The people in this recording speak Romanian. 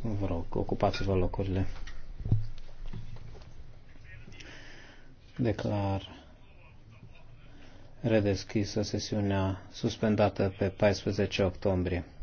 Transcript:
Vă rog, ocupați-vă locurile. Declar redeschisă sesiunea suspendată pe 14 octombrie.